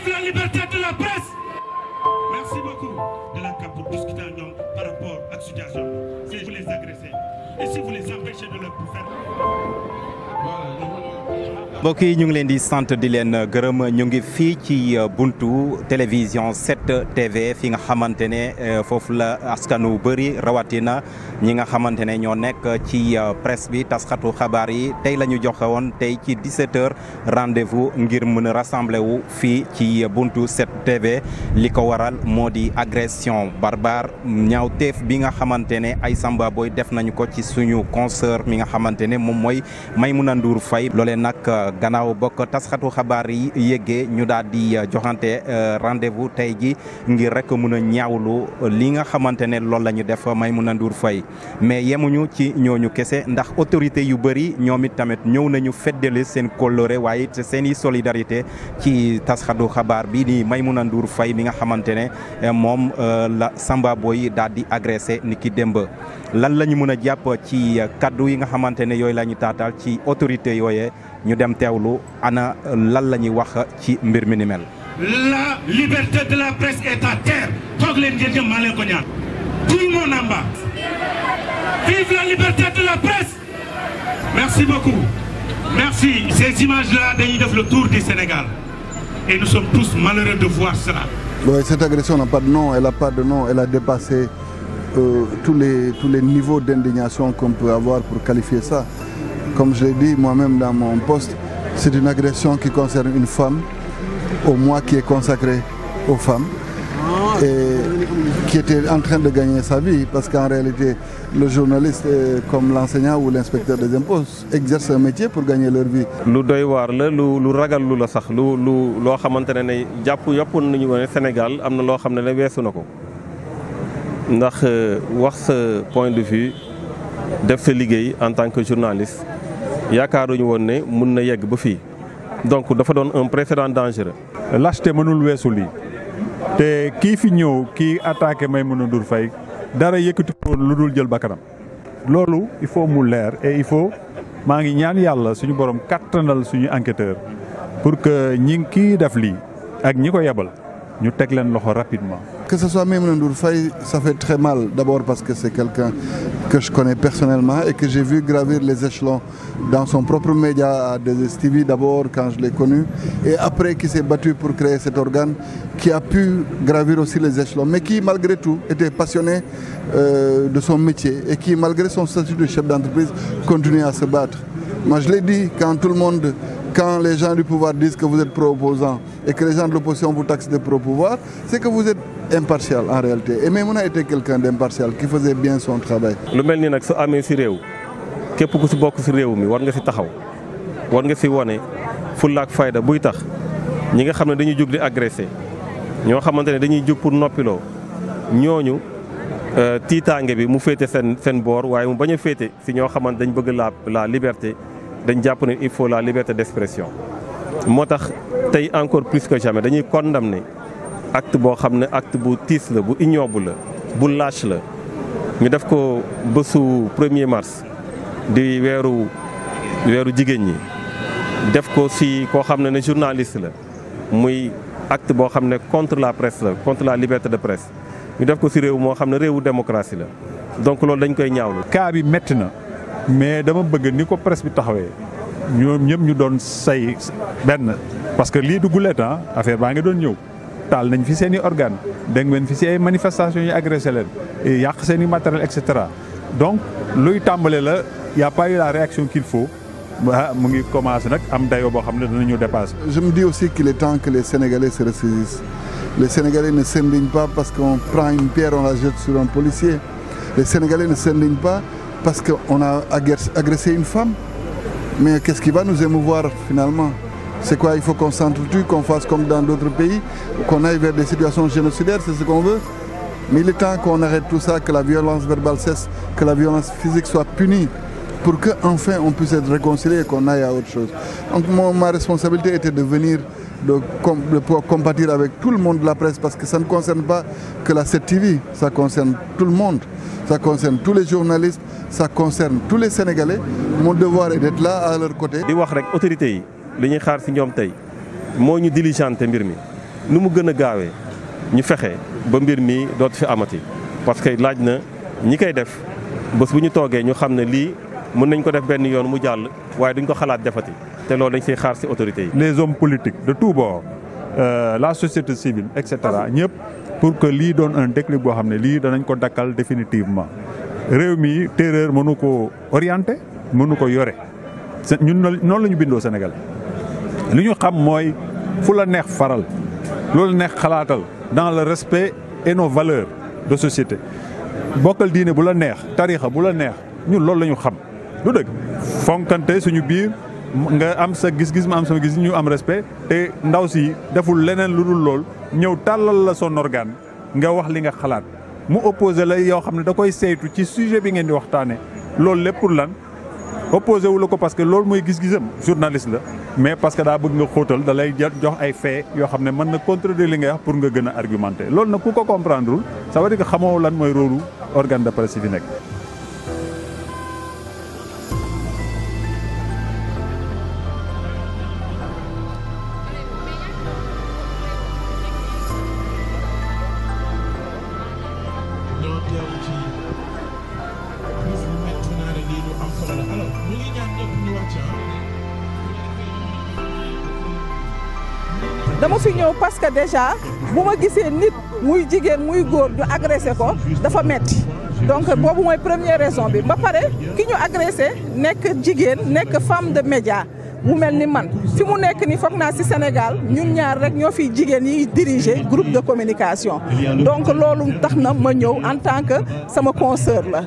vive la liberté la presse merci beaucoup de la CAP pour discuter ak ñoom par rapport ak situation si vous les agressez et si vous les mbokk yi ñu ngi leen di sant di leen gërëm ñu ngi fii ci euh, buntu télévision 7 TV fi nga xamante ne euh, foofu la askanu bëri rawatina ñi nga xamante ne ñoo nekk ci euh, presse bi taskatu xabaar yi tey la ñu joxe woon tey ci 17h rendez-vous ngir mën a rassembler wu fii ci buntu 7 TV li ko waral moo di agression ñaaw teef bi nga xamante ne ay Samba def nañu ko ci suñu concert mi nga xamante ne moom mooy Maimouna Ndour Faye loolee nag euh, gannaaw bokk tasxatu xabaar yi yéggee ñu daal di euh, joxante euh, rendez-vous tey ji ngir rek mun a ñaawlu li nga xamante ne loolu la ñu def Maimouna Ndour Faye mais yemuñu ci ñooñu kese ndax autorité yu bëri ñoom it tamit ñëw nañu feddali seen coloré waaye it seen i solidarité ci tasxatu xabaar bi ni Maimouna Ndour fay mi nga xamante ne moom la Samba Boy daal di agressé ni ki démb lan la ñu mën a jàpp ci kaddu yi nga xamante ne yooyu la ñu taatal ci autorité yooye ñu dem teewlu ana lan la ñuy wax ci mbir mi ni la liberté de la presse est à terre. toog leen ngeen jëm maa leen mon amba. vive la liberté de la presse. merci beaucoup. merci. ces images là dañuy def le tour du Sénégal. et nous sommes tous malheureux de voir cela. Oui, cette agression n'a pas de nom, elle n'a pas de nom, elle a dépassé euh, tous les niveaux d'indignation qu'on peut avoir pour qualifier ça. comme je l'ai dit moi-même dans mon poste, c'est une agression qui concerne une femme au mois qui est consacré aux femmes et qui était en train de gagner sa vie parce qu'en réalité le journaliste comme l'enseignant ou l'inspecteur des impôts exerce un métier pour gagner leur vie. lu doy waar la lu lu ragal lu la sax lu lu loo xamante ne ne jàpp yàppoon nañu ne Sénégal am na loo xam ne ne weesu na ko ndax euh, wax sa point de vue def sa liggéey en tant que journaliste. yaakaaruñu woon ne mun na yegg ba fii donc dafa doon un préférent dangereux. lâcheté mënul weesu lii te kii fi ñëw kii attaqué Maimouna du Faye dara yëkkati ko lu dul jël bakkanam loolu il faut mu leer et il faut maa ngi ñaan yàlla suñu borom kattanal suñu enquêteur pour que ñi kii def lii ak ñi ko yebal ñu teg leen loxo rapidement. que ce soit Maimouna Ndour Faye ça fait très mal d'abord parce que c'est quelqu'un que je connais personnellement et que j'ai vu gravir les échelons dans son propre média à 2STV d'abord quand je l'ai connu et après qui s'est battu pour créer cet organe qui a pu gravir aussi les échelons mais qui malgré tout était passionné euh, de son métier et qui malgré son statut de chef d'entreprise continuait à se battre. Moi je l'ai dit quand tout le monde quand les gens du pouvoir disent que vous êtes pro-opposant et que les gens de l'opposition vous taxent de pro-pouvoir, c'est que vous êtes impartial en réalité et Maimouna était quelqu'un d'impartial qui faisait bien son travail. lu mel ni nag su amee si réew képp ku si bokk si réew mi war nga si taxaw war nga si wane fullaak fayda buy tax ñi nga xam ne dañuy jóg di agressé ñoo xamante ne dañuy jóg pour noppiloo ñooñu euh, tiitaange bi mu féete seen seen boor waaye mu bañ féete si ñoo xamante dañ bëgg la la liberté dañ jàpp ne il faut la liberté d'expression moo tax tey encore plus que jamais dañuy ne acte boo xam ne acte bu tiis la bu ignoble la bu lâche la ñu def ko bésu premier mars di weeru weeru jigéen ñi def ko si koo xam ne ne journaliste la muy acte boo xam ne contre la presse la contre la liberté de presse ñu def ko si réew moo xam ne réewu démocratie la donc loolu dañ koy ñaaw ñaawlu. cas bi métti na mais dama bëgg ni ko presse bi taxawee ñoom ñëpp ñu doon say benn parce que lii du gulet ah, affaire baa ngi doon ñëw. taal nañ fi seeni organe dégg ngeen fi si ay manifestations yu agressé leen yàq seen i matériel et cetera donc luy tàmbale la y' a pas eu la réaction qu'il faut mu ngi commencé nag am dayo boo xam ne danañu dépassé. je me dis aussi qu'il est temps que les Sénégalais se ressaisissent les Sénégalais ne s'indignent pas parce qu'on prend une pierre on la jette sur un policier les Sénégalais ne s'indignent pas parce qu'on a agressé une femme mais qu'est-ce qui va nous émouvoir C'est quoi Il faut qu'on s'entretue, qu'on fasse comme dans d'autres pays, qu'on aille vers des situations génocidaires, c'est ce qu'on veut. Mais il est temps qu'on arrête tout ça, que la violence verbale cesse, que la violence physique soit punie, pour qu'enfin on puisse être réconcilié et qu'on aille à autre chose. Donc moi, ma responsabilité était de venir, de, de pouvoir compatir avec tout le monde de la presse, parce que ça ne concerne pas que la CTV, ça concerne tout le monde, ça concerne tous les journalistes, ça concerne tous les Sénégalais. Mon devoir est d'être là à leur côté. autorité li ñuy xaar si ñoom tey moo ñu diligenté mbir mi nu mu gën a gaawee ñu fexe ba mbir mi dootu fi amati parce que laaj na ñi koy def bés bu ñu toogee ñu xam ne lii mën nañ ko def benn yoon mu jàll waaye duñ ko xalaat defati te loolu dañ siy xaar si autorité yi. les hommes politiques de tout bord euh, la société civile et cetera ñëpp pour que lii doon un déclic boo xam ne lii danañ ko dakkal définitivement réew mi terreur mënu ko orienté mënu ko yore ñun noonu la ñu bindoo Sénégal. li ñu xam mooy fu la neex faral loolu neex xalaatal dans le respect et nos valeurs de société bokkal diine bu la neex tarixa bu la neex ñun loolu la ñu xam lu dëgg fonkante suñu biir nga am sa gis-gis ma am sama gis ñu am respect te ndaw si deful leneen lu dul lool ñëw tàllal la son organe nga wax li nga xalaat mu opposé la yoo xam ne da koy saytu ci sujet bi ngeen di waxtaane loolu lépp pour lan opposé wu la ko parce que loolu mooy gis-gisam journaliste la mais parce que daa bëgg nga xóotal da lay jox ay faits yoo xam ne mën na contredire li nga wax pour nga gën a argumenter loolu nag ku ko comprendrewul ça veut xamoo lan mooy rôle organe de presse yi fi nekk. que déjà bu ma gisee nit muy jigéen muy góor ñu agressé ko dafa metti donc boobu mooy premier raison bi ba pare ki ñu agressé nekk jigéen nekk femme de média mu mel ni man fi mu nekk ni foog naa ci Sénégal ñun ñaar rek ñoo fi jigéen yi diriger groupe de communication donc loolu tax na ma ñëw en tant que sama consoeur la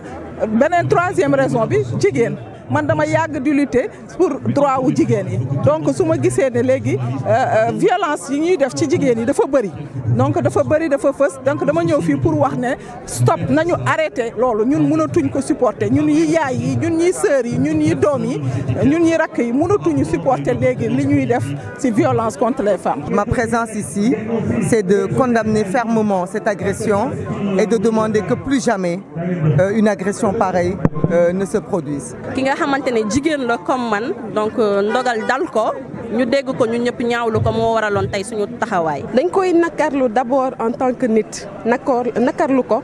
beneen troisième raison bi jigéen man dama yàgg di lutter pour droit jigéen yi donc su ma gisee ne léegi euh, euh, violence yi ñuy def ci jigéen yi dafa bëri donc dafa bëri dafa fës donc dama ñëw fii pour wax ne stop nañu arrêté loolu ñun mënatuñ ko supporter ñun yi yaay yi ñun ñi sœur yi ñun ñi doom yi ñun ñi rakk yi mënatuñu supporter léegi li ñuy def ci violence contre les femmes. Ma présence ici, c'est de condamner fermement cette agression et de demander que plus jamais euh, une agression pareille Euh, ne se produisent. ki nga xamante ne jigéen la comme man donc euh, ndogal dal ko ñu dégg ko ñun ñëpp ñaawlu ko moo waraloon tey suñu taxawaay. dañ koy nakarlu d'abord en tant que nit nakor nakarlu ko.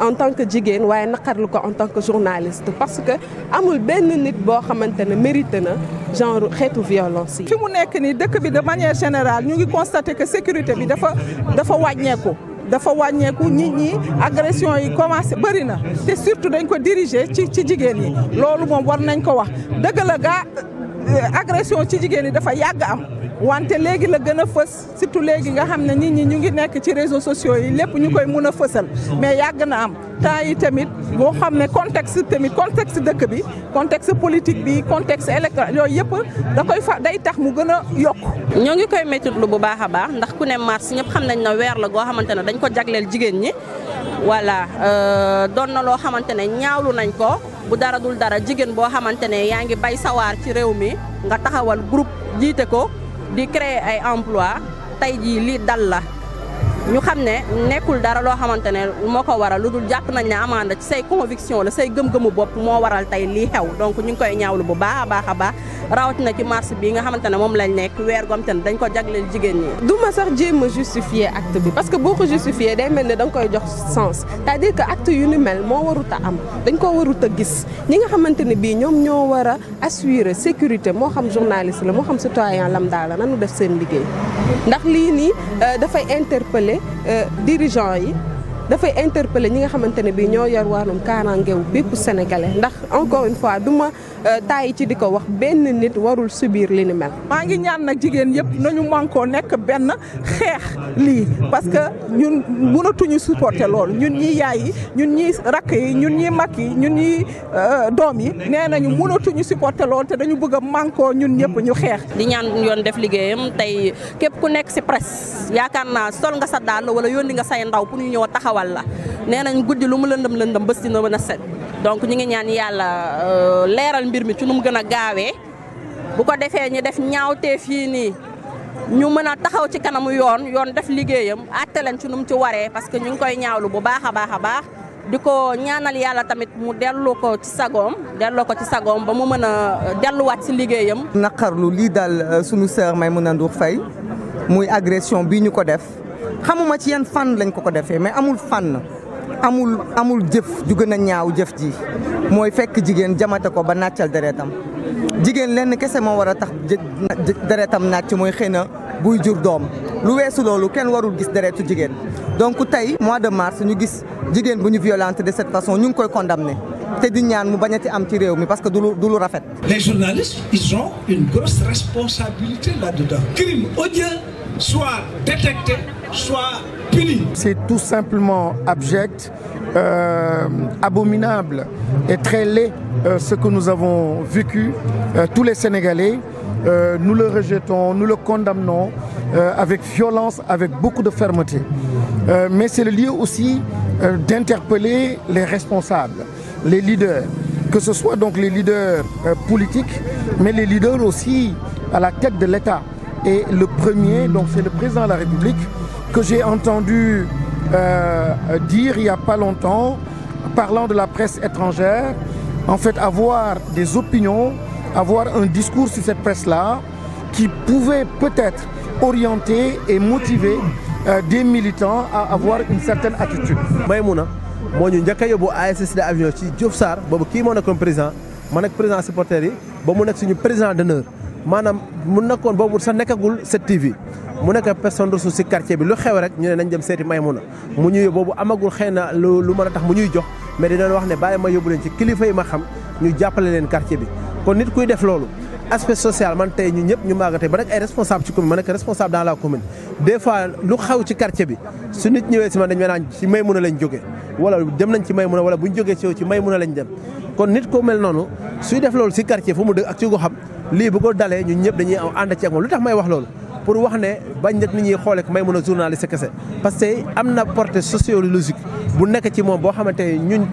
en tant que jigéen waaye naqarlu ko en tant que journaliste parce que amul benn nit boo xamante ne mérite na genre xeetu violence yi. fi mu nekk nii dëkk bi de manière général ñu ngi constater que sécurité bi dafa dafa wàññeeku. dafa wàññeeku nit ñi agression yi commencé bëri na te surtout dañ ko diriger ci ci jigéen yi loolu moom war nañ ko wax dëgg la Euh, agression ci jigéen ñi dafa yàgg am wante léegi la gën a fës surtout léegi nga xam ne nit ñi ñu ngi nekk ci réseau sociaux yi lépp ñu koy mun a fësal mais yàgg na am temps yi tamit boo xam ne contexte tamit contexte dëkk bi contexte politique bi contexte électoral yooyu yëpp da koy fa day tax mu gën a yokk ñoo ngi koy méttitlu bu baax a baax ndax ku ne mars ñëpp xam nañ na weer la goo xamante ne dañ ko jagleel jigéen ñi voilà euh, doon na loo xamante ne ñaawlu nañ ko bu dara dul dara jigéen boo xamante ne yaa ngi bay sawaar ci réew mi nga taxawal groupe jiite ko di créer ay emploi tey jii lii dal la ñu xam ne nekkul dara loo xamante ne moo ko waral lu dul jàpp nañ ne amanda ci say conviction la say gëm-gëmu bopp moo waral tey lii xew donc ñu ngi koy ñaaw ñaawlu bu baax a baax a baax rawatina ci marché bi nga xamante ne moom lañ nekk weer gom te ne dañ ko jagleel jigéen ñi. du ma sax jéem a justifier acte bi parce que boo ko justifier day mel ni danga koy jox sens c'est-à-dire que acte yu ni mel moo warut a am dañ koo warut a gis ñi nga xamante ne bii ñoom ñoo war a assurer sécurité moo xam journaliste la moo xam citoyen lambda la nanu def seen liggéey jàppale euh, dirigeant yi dafay interpeller ñi nga xamante ne bii ñoo yor waanum wàllum kaaraangew bépp sénégalais ndax encore une fois du ma euh, tàyyi ci di ko wax benn nit warul subir li ni mel. maa ngi ñaan nag jigéen yëpp nañu mànkoo nekk benn xeex lii parce que ñun mënatuñu supporter loolu ñun ñi yaay yi ñun ñi rakk yi ñun ñi mag yi ñun ñi euh, doom yi nee nañu mënatuñu supporter loolu te dañu bëgg a mànkoo ñun ñëpp ñu xeex. di ñaan yoon def liggéeyam tey képp ku nekk si presse yaakaar naa sol nga sa dàll wala yónni nga say ndaw pour ñu ñëw taxawaay xol la nee nañ guddi lu mu lëndëm lëndëm bés na mën a set donc ñu ngi ñaan yàlla euh, leeral mbir mi ci nu mu gën a gaawee bu ko defee ñu def ñaawtee fii nii ñu mën a taxaw ci kanamu yoon yoon def liggéeyam àtte leen ci nu mu ci waree parce que ñu ngi koy ñaawlu bu baax a baax a baax di ko ñaanal yàlla tamit mu delloo ko ci sagoom delloo ko ci sagoom ba mu mën a euh, delluwaat ci liggéeyam. naqarlu lii daal may euh, sœur a Ndour Faye muy agression bi ñu ko def. xamuma ci yan fànn lañ ko ko defee mais amul fànn amul amul jëf ju gën ñaaw jëf ji mooy fekk jigéen jamate ko ba nàccal deretam jigéen lenn kese moo war a tax deretam nàcc mooy xëy na buy jur doom lu weesu loolu kenn warul gis deretu jigéen donc tey mois de mars ñu gis jigéen bu ñu violente de cette façon ñu ngi koy condamné te di ñaan mu bañati am ci réew mi parce que du lu rafet. les journalistes ils ont une grosse responsabilité là-dedans. crime soit détecté, soit puni. C'est tout simplement abject, euh, abominable et très laid euh, ce que nous avons vécu, euh, tous les Sénégalais. Euh, nous le rejetons, nous le condamnons euh, avec violence, avec beaucoup de fermeté. Euh, mais c'est le lieu aussi d'interpeller les responsables, les leaders, que ce soit donc les leaders politiques, mais les leaders aussi à la tête de l'État. Et le premier, donc c'est le président de la République, que j'ai entendu euh, dire il n'y a pas longtemps, parlant de la presse étrangère, en fait avoir des opinions, avoir un discours sur cette presse-là, qui pouvait peut-être orienter et motiver euh, des militants à avoir une certaine attitude. Maymouna moo ñu njëkk a yóbbu ASC Sida Avion ci Diouf Sarr boobu kii moo nekkoon président ma nekk président supporter yi ba mu nekk suñu président d'honneur maanaam mu nekkoon boobu sax nekkagul 7TV mu nekk personne ressource si quartier bi lu xew rek ñu ne nañ dem seeti Maymuna mu ñuy boobu amagul xëy na lu lu mën a tax mu ñuy jox mais di doon wax ne bàyyi ma yóbbu leen ci kilifa yi ma xam ñu jàppale leen quartier bi kon nit kuy def loolu aspect social man tey ñu ñëpp ñu maaga ba nekk ay responsable ci commune ma nekk responsable dans la commune des fois lu xaw ci quartier bi su nit ñëwee si man dañ ma naan ci Maymuna lañ jóge wala dem nañ ci Maymuna wala bu ñu jógee ci may ci Maymuna lañ dem kon nit ko mel noonu suy def loolu si quartier fu mu dëkk ak ci lii bu ko dalee ñun ñëpp dañuy am ci ak moom lu tax may wax loolu pour wax ne bañ nit ñi xoolee may mën a journaliste kese parce que am na portée sociologique bu nekk ci moom boo xamante ne ñun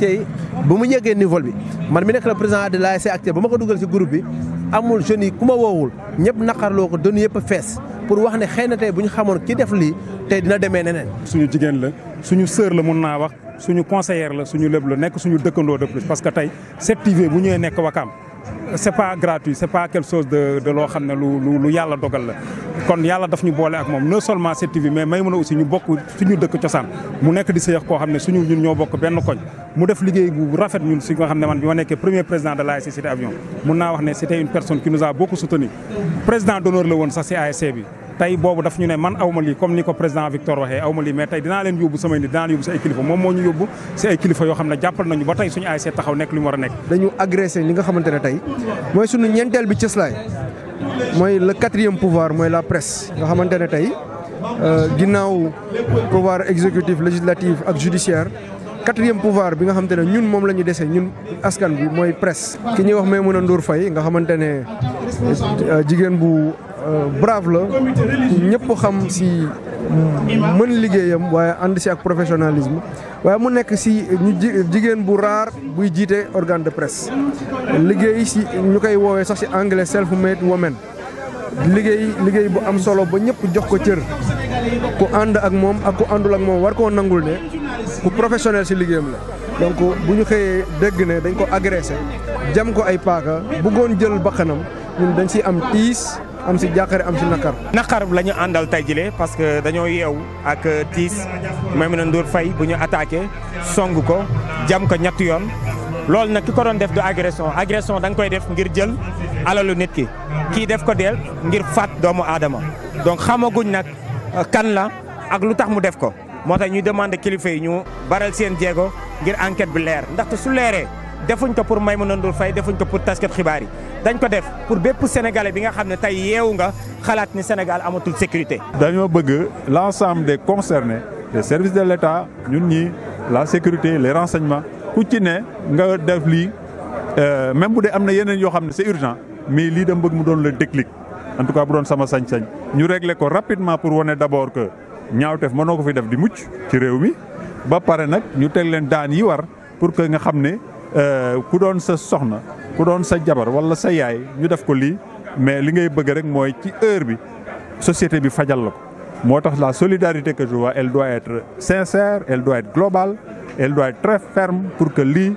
bu mu ñegee niveau bi man mi nekk la président de l'ASC acteur ba ma ko dugal ci groupe bi amul jeunes yi ku ma woowul ñëpp naqarloo ko doon yëpp a fees pour wax ne xëy na tey bu ñu xamoon ki def lii tey dina demee neneen. suñu jigéen la suñu sœur la mun naa wax suñu conseillère la suñu lépp nekk suñu dëkkandoo de plus parce que tey 7 bu ñëwee nekk Wakaam c'est pas gratuit c'est pas quelque chose de loo xam ne lu lu yàlla dogal la kon yàlla daf ñu boole ak moom non seulement 7TV mais Maïmouna aussi ñu bokk suñu dëkk cosaan mu nekk di sëyax koo xam ne suñu ñun ñoo bokk benn koñ mu def liggéey bu rafet ñun si nga xam ne man bi ma nekkee premier président de l'ASC Cité Avion mun naa wax ne c'était une personne qui nous a beaucoup soutenu président d'honneur la woon sax si ASC bi tey boobu daf ñu ne man awma lii comme ni ko président Victor waxee awma lii mais tey dinaa leen yóbbu samay nit dinaa leen yóbbu si ay kilifa moom moo ñu yóbbu si ay kilifa yoo xam ne jàppal nañu ba tey suñu ASC taxaw nekk li mu war a nekk dañu agressé li nga xamante tey mooy suñu ñeenteel bi cëslaay mooy le quatrième pouvoir mooy la presse nga xamante ne tey euh, ginnaaw pouvoir exécutif législatif ak judiciaire quatrième pouvoir bi nga xamante ne ñun moom la ñu dese ñun askan bi mooy presse ki ñuy wax Maimouna Ndour Faye nga xamante ne euh, jigéen bu Euh, brave la ñëpp xam si mën liggéeyam waaye ànd si ak professionalism waaye mu nekk si ñu jigéen bu raar buy jiite organe de presse liggéey si ñu koy woowee sax si anglais self made woman liggéey liggéey bu am solo ba ñëpp jox ko cër ku ànd ak moom ak ku àndul ak moom war koo nangul ne ku professionnel si liggéeyam la donc bu ñu xëyee dégg ne dañ ko agressé jam ko ay paaka bëggoon jël bakkanam ñun dañ si am tiis am si jàqare am si naqar. naqar la ñu àndal tey jile parce que dañoo yeew ak tiis Maïmouna Ndour fay bu ñu attaqué song ko jam ko ñetti yoon loolu nag ki ko doon def du agression agression da nga koy def ngir jël alalu nit ki kii def ko del ngir faat doomu aadama donc xamaguñ nag euh, kan la ak lu tax mu def ko moo tax ñuy demande kilifa yi ñu baral seen jéego ngir enquête bi leer ndaxte su leeree defuñ ko pour Maïmouna Ndour fay defuñ ko pour taskat xibaar yi. dañ ko def pour bépp sénégalais bi nga xam ne tey yeewu nga xalaat ni Sénégal amatul sécurité. dañoo bëgg l' ensemble des concernés les de l' état ñun ñi la sécurité les renseignements ku ci ne nga def lii euh, même bu dee am na yeneen yoo xam ne c' est urgent mais lii dama bëgg mu doon le déclic en tout cas bu doon sama sañ-sañ ñu régler ko rapidement pour wane d' abord que ñaawteef mënoo ko fi def di mucc ci réew mi ba pare nag ñu teg leen daan yi war pour que nga xam ne euh, ku doon sa soxna. ku doon sa jabar wala sa yaay ñu def ko lii mais li ngay bëgge rek mooy ci heure bi société bi fajal la ko moo tax la solidarité que je vois elle doit être sincère elle doit être globale doit être ferme pour que lii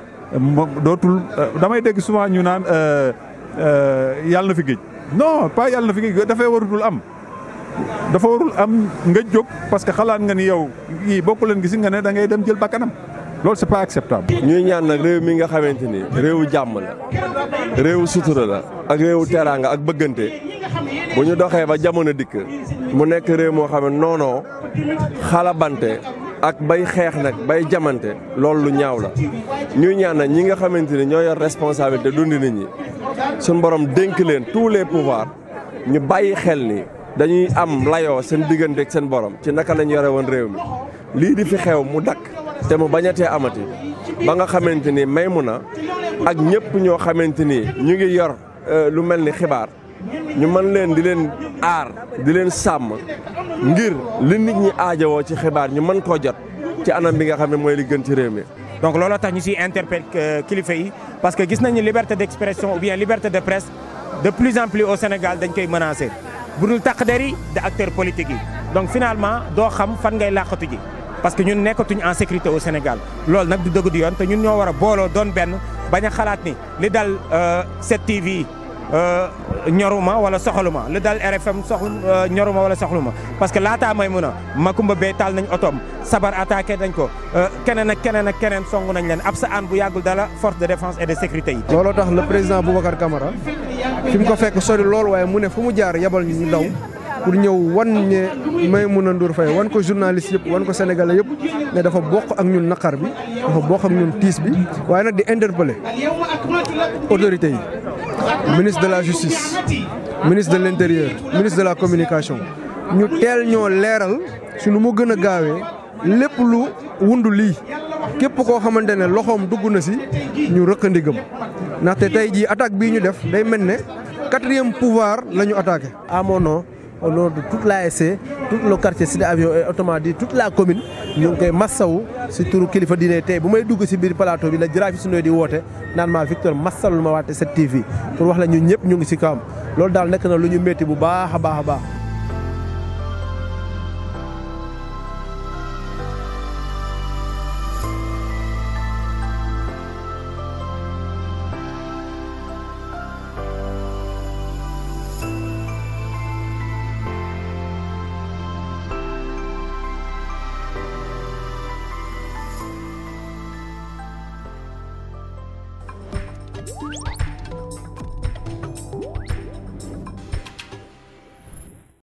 dootul euh, damay dégg souvent ñu naan euh, euh, yàlla na fi géej non pas yàlla na fi géej dafay warutul am dafa warul am nga jóg parce que xalaat nga ni yow yii bokku leen gis nga ne da ngay dem jël bakkanam loolu c'est pas ñuy ñaan nag réew mi nga xamante ni réewu jàmm la réewu la ak réewu teraanga ak bëggante bu ñu doxee ba jamono dikk mu nekk réew moo xam ne noonoo xalabante ak bay xeex nag bay jamante loolu lu ñaaw la ñuy ñaan nag ñi nga xamante ni ñoo yor responsabilité dundi nit ñi suñ borom dénk leen tous les pouvoirs ñu bàyyi xel ni dañuy am layoo seen diggante ak seen borom ci naka lañ yore woon réew mi lii di fi xew mu dakk te mu bañatee amati ba nga xamante ni na ak ñëpp ñoo xamante ni ñu ngi yor euh, lu mel ni xibaar ñu mën leen di leen aar di leen sàmm ngir li nit ñi aajowoo ci xibaar ñu mën koo jot ci anam bi nga xam ne mooy li gën ci réew mi. donc looloo tax ñu si interpelle euh, kilifa yi parce que gis nañu liberté d' expression ou bien liberté de presse de plus en au Sénégal dañ koy menacé bu dul taq der yi de acteurs politiques yi donc finalement doo xam fan ngay làqatu ji. parce que ñun nekkatuñu en sécurité au Sénégal lool nag du dëgg du yoon te ñun ñoo war a booloo doon benn bañ a xalaat ni li dal 7TV euh, euh, ñoruma wala soxaluma li dal RFM sox euh, ñoruma wala soxaluma parce que laataa may mun a Makumba Bey taal nañ otoom sabar attaqué nañ ko keneen ak keneen ak keneen song nañ leen ab sa aan bu yàggul dala force de défense et de sécurité yi. looloo tax le président Boubacar Camara fi mu ko fekk sori loolu waaye mu ne fu mu jaar yabal ñu ñu daw. pour ñëw wan may mun a Ndour Faye wan ko journaliste yëpp wan ko sénégalais yëpp ne dafa bokk ak ñun naqar bi dafa bokk ak ñun tiis bi waaye nag di interpeller autorité yi ministre de la justice ministre de l'intérieur ministre de la communication ñu teel ñoo leeral su nu mu gën a gaawee lépp lu wundu lii képp koo xamante ne loxoom dugg na si ñu rëkk ndigam ndaxte tey jii attaque bii ñu def day mel ne quatrième pouvoir la ñu attaqué à ah, mon au nom de toute l'ASC tout le quartier Avion et autrement dit toute la commune ñu ngi koy massawu si turu kilifa diine tey bu may dugg si biir plateau bi la jaraaf yi suñu di woote naan maa Victor massalul ma waate 7TV pour wax la ñu ñëpp ñu ngi si kawam loolu daal nekk na lu ñu métti bu baax a baax